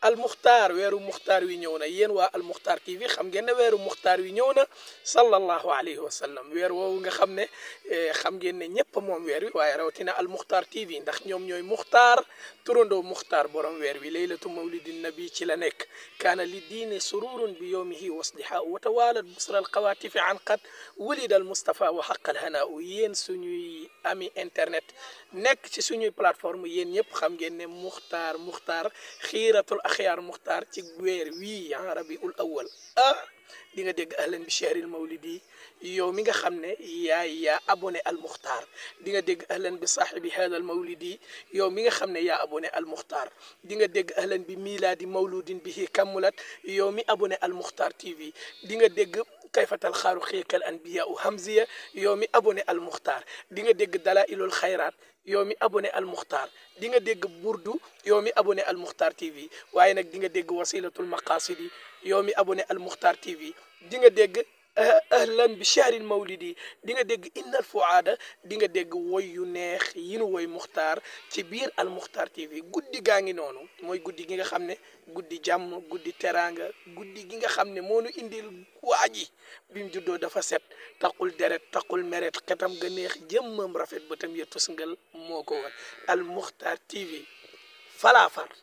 almuxtaar weeru muxtaar wi ñëw na yéen waa almuxtaar TV xam ngeen ne weeru muxtaar wi ñëw na sallallahu alayhi wa sallam weer woowu nga xam ne xam ngeen ne ñëpp moom weer wi waaye rawatina almuxtaar TV ndax ñoom ñooy muxtaar turandoo muxtaar borom weer wi laylatu mawlidin nabi ci la nekk kaana li diine sururun bi yowmihi waslihaa wa tawalat busra alqawatifi an qad wulida almustafa wa xaqal hanaa yéen suñuy ami internet nek ci suñu plateforme yéen ñëpp xam ngeen ne muxtaar muxtaar khiratul akhyar muxtaar ci wi ya ah ul awal ah di nga deg ahlan bi shahril mawlidi yow mi nga xam ne yaay yaa abonné al muxtaar di nga dégg ahlan bi saaxibi hada al mawlidi yow mi nga xam ne yaa abonné al muxtaar di nga dégg ahlan bi miladi mawludin bihi kamulat yow mi abonné al muxtaar tv di nga dégg كيف تلخار خيك الأنبياء همزية يومي ابوني المختار دينا ديك دلائل الخيرات يومي ابوني المختار دينا ديك بوردو يومي ابوني المختار تي في وعينك دينا ديك وسيلة المقاصد يومي ابوني المختار تي في دينا ديك ahlan bi chahril mawlidi di nga dégg innal fuaada di dinga dégg woy yu neex yi nu woy muxtaar ci biir al tv guddi gaa ngi noonu mooy guddi gi nga xam ne guddi jàmm guddi teraanga guddi gi nga xam ne moo nu indil waa bi mu juddoo dafa set taqul deret taqul meret xetam ga neex jëmmam rafet ba tam ya tusngal moo ko war al tv falaa far